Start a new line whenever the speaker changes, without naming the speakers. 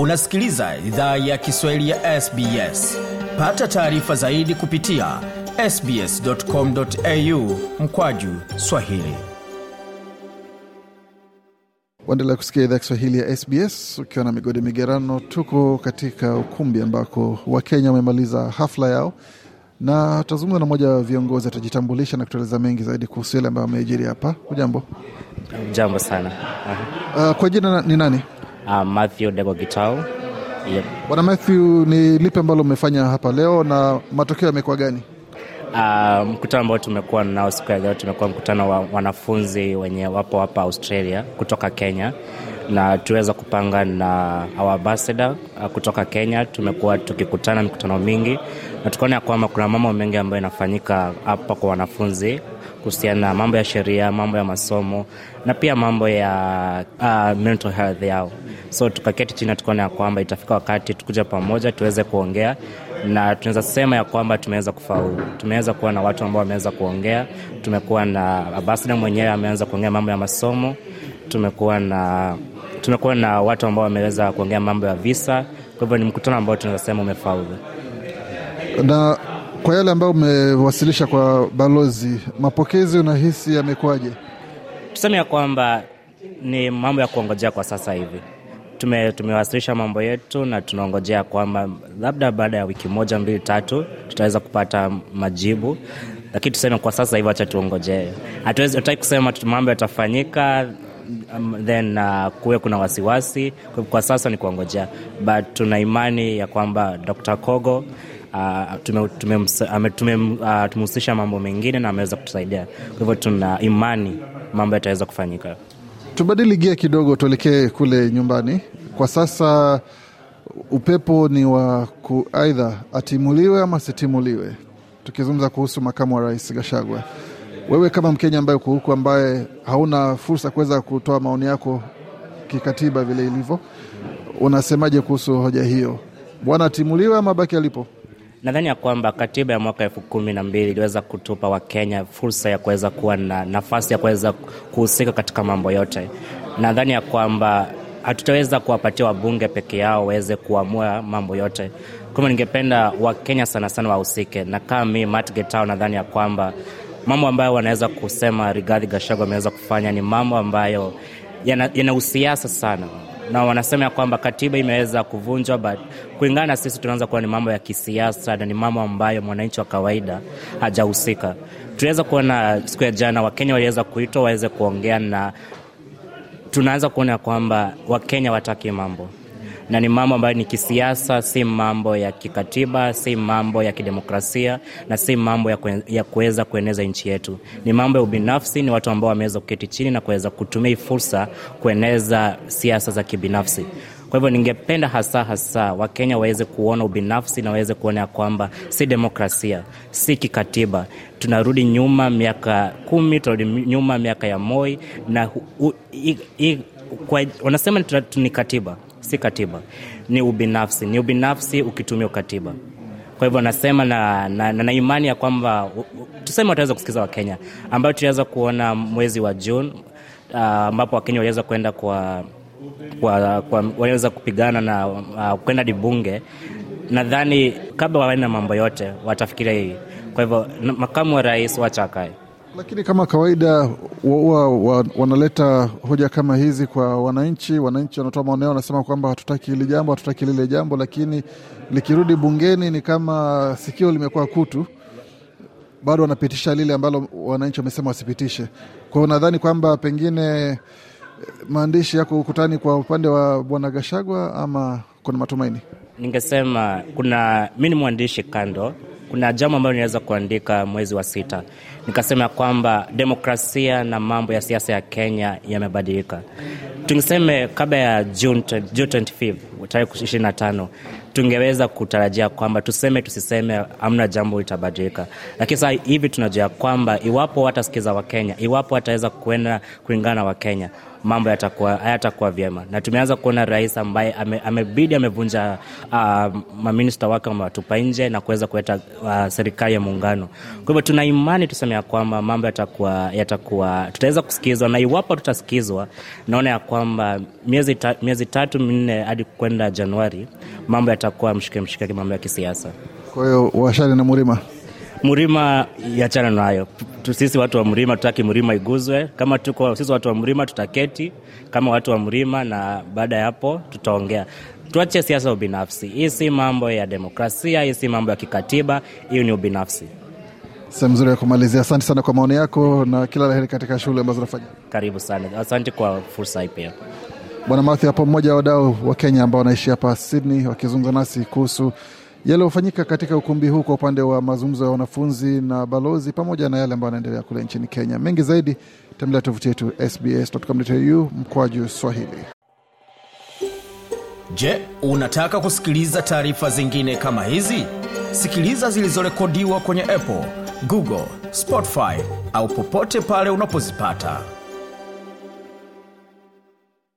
unasikiliza idhaa ya kiswahili ya sbs pata taarifa zaidi kupitia sbscomau mkwaju swahili
waendelea kusikia idhaa kiswahili ya sbs ukiwa na migodi migerano tuko katika ukumbi ambako wakenya wamemaliza hafla yao na tutazungumza na mmoja wa viongozi atajitambulisha na kutueleza mengi zaidi kuhusu yale ambayo ameijiri hapa ujambo jambo sana uh, kwa jina ni nani
uh, Matthew Dego Gitau. Yep.
Bwana Matthew, ni lipi ambalo umefanya hapa leo na matokeo yamekuwa gani?
Uh, mkutano ambao tumekuwa nao siku ya leo tumekuwa mkutano wa wanafunzi wenye wapo hapa Australia kutoka Kenya na tuweza kupanga na our ambassador uh, kutoka Kenya. Tumekuwa tukikutana mikutano mingi na tukaona ya kwamba kuna mambo mengi ambayo inafanyika hapa kwa wanafunzi kuhusiana na mambo ya sheria, mambo ya masomo na pia mambo ya uh, mental health yao. So tukaketi chini na tukaona ya kwamba itafika wakati tukuja pamoja tuweze kuongea na tunaweza sema ya kwamba tumeweza kufaulu. Tumeweza kuwa na watu ambao wameweza kuongea, tumekuwa na ambassador mwenyewe ameanza kuongea mambo ya masomo tumekuwa na tumekuwa na watu ambao wameweza kuongea mambo ya visa. Kwa hivyo ni mkutano ambao tunaweza sema umefaulu.
Na kwa yale ambayo umewasilisha kwa balozi, mapokezi unahisi yamekuwaje?
Tuseme ya kwamba ni mambo ya kuongojea kwa sasa hivi. Tume, tumewasilisha mambo yetu na tunaongojea kwamba labda baada ya wiki moja mbili tatu tutaweza kupata majibu, lakini tuseme kwa sasa hivi, achatuongojee tuongojee. Hatutaki kusema mambo yatafanyika um, then uh, kuwe kuna wasiwasi kwa sasa ni kuongojea, but tuna imani ya kwamba Dr. Kogo Uh, uh tumehusisha uh, mambo mengine na ameweza kutusaidia. Kwa hivyo tuna imani mambo yataweza kufanyika.
Tubadili gia kidogo, tuelekee kule nyumbani. Kwa sasa upepo ni wa aidha atimuliwe ama asitimuliwe, tukizungumza kuhusu makamu wa rais Gashagwa. Wewe kama Mkenya ambaye uko huku, ambaye hauna fursa kuweza kutoa maoni yako kikatiba vile ilivyo, unasemaje kuhusu hoja hiyo? Bwana atimuliwe ama baki alipo?
Nadhani ya kwamba katiba ya mwaka elfu kumi na mbili iliweza kutupa Wakenya fursa ya kuweza kuwa na nafasi ya kuweza kuhusika katika mambo yote. Nadhani ya kwamba hatutaweza kuwapatia wabunge peke yao waweze kuamua mambo yote. Kama ningependa Wakenya sana sana wahusike, na kama mi Matt Getao, nadhani ya kwamba mambo ambayo wanaweza kusema Rigathi Gachagua ameweza kufanya ni mambo ambayo yana, usiasa sana na wanasema ya kwamba katiba imeweza kuvunjwa, but kulingana na sisi tunaweza kuwa ni mambo ya kisiasa na ni mambo ambayo mwananchi wa kawaida hajahusika. Tunaweza kuona siku ya jana Wakenya waliweza kuitwa waweze kuongea, na tunaanza kuona kwamba Wakenya wataki mambo na ni mambo ambayo ni kisiasa, si mambo ya kikatiba, si mambo ya kidemokrasia na si mambo ya kuweza kueneza nchi yetu. Ni mambo ya ubinafsi, ni watu ambao wameweza kuketi chini na kuweza kutumia hii fursa kueneza siasa za kibinafsi. Kwa hivyo ningependa hasa hasa Wakenya waweze kuona ubinafsi na waweze kuona ya kwamba si demokrasia, si kikatiba. Tunarudi nyuma miaka kumi, tunarudi nyuma miaka ya Moi na u, u, i, i, kwa, wanasema ni katiba si katiba, ni ubinafsi, ni ubinafsi ukitumia ukatiba. Kwa hivyo nasema na, na, na, na imani ya kwamba tuseme wataweza kusikiza Wakenya, ambayo tuliweza kuona mwezi wa Juni ah, ambapo uh, Wakenya waliweza kwenda kwa, kwa, kwa waliweza kupigana na uh, kwenda dibunge. Nadhani kabla wawe na mambo yote watafikiria hii. Kwa hivyo makamu wa rais wacha akae
lakini kama kawaida huwa wa, wanaleta hoja kama hizi kwa wananchi. Wananchi wanatoa maoni yao, wanasema kwamba hatutaki hili jambo, hatutaki lile jambo, lakini likirudi bungeni ni kama sikio limekuwa kutu, bado wanapitisha lile ambalo wananchi wamesema wasipitishe. Kwa nadhani kwamba pengine eh, maandishi yako ukutani kwa upande wa Bwana Gashagwa, ama kuna matumaini?
Ningesema kuna mi ni mwandishi kando kuna jambo ambalo inaweza kuandika mwezi wa sita, nikasema kwamba demokrasia na mambo ya siasa ya Kenya yamebadilika. Tungiseme kabla ya June 25 tarehe 25 tungeweza kutarajia kwamba tuseme tusiseme, amna jambo litabadilika, lakini saa hivi tunajua kwamba iwapo watasikiza Wakenya, iwapo wataweza kuenda kulingana na Wakenya, mambo yatakuwa hayatakuwa vyema, na tumeanza kuona rais ambaye amebidi ame amevunja uh, maminista wake wamewatupa nje na kuweza kuleta uh, serikali ya muungano. Kwa hivyo tuna imani tuseme ya kwamba mambo yatakuwa yatakuwa tutaweza kusikizwa, na iwapo tutasikizwa, naona ya kwamba miezi, ta, miezi tatu minne hadi kwenda Januari mambo atakuwa mshike mshike mambo ya kisiasa.
Kwa hiyo washari na Murima
Mrima yachana nayo. Sisi watu wa Murima tutaki Murima iguzwe. Kama tuko sisi watu wa Murima tutaketi kama watu wa Murima, na baada ya hapo tutaongea. Tuache siasa ubinafsi. Hii si mambo ya demokrasia, hii si mambo ya kikatiba, hiyo ni ubinafsi.
Sehemu nzuri ya kumalizia. Asante sana kwa maoni yako na kila laheri katika shughuli ambazo unafanya.
Karibu sana, asante kwa fursa hii pia.
Bwana Mathew hapo, mmoja wa wadau wa Kenya ambao wanaishi hapa Sydney, wakizungumza nasi kuhusu yaliyofanyika katika ukumbi huu kwa upande wa mazungumzo ya wanafunzi na balozi pamoja na yale ambayo yanaendelea kule nchini Kenya. Mengi zaidi tembelea tovuti yetu sbs.com.au mkwaju Swahili.
Je, unataka kusikiliza taarifa zingine kama hizi? Sikiliza zilizorekodiwa kwenye Apple, Google, Spotify au popote pale unapozipata.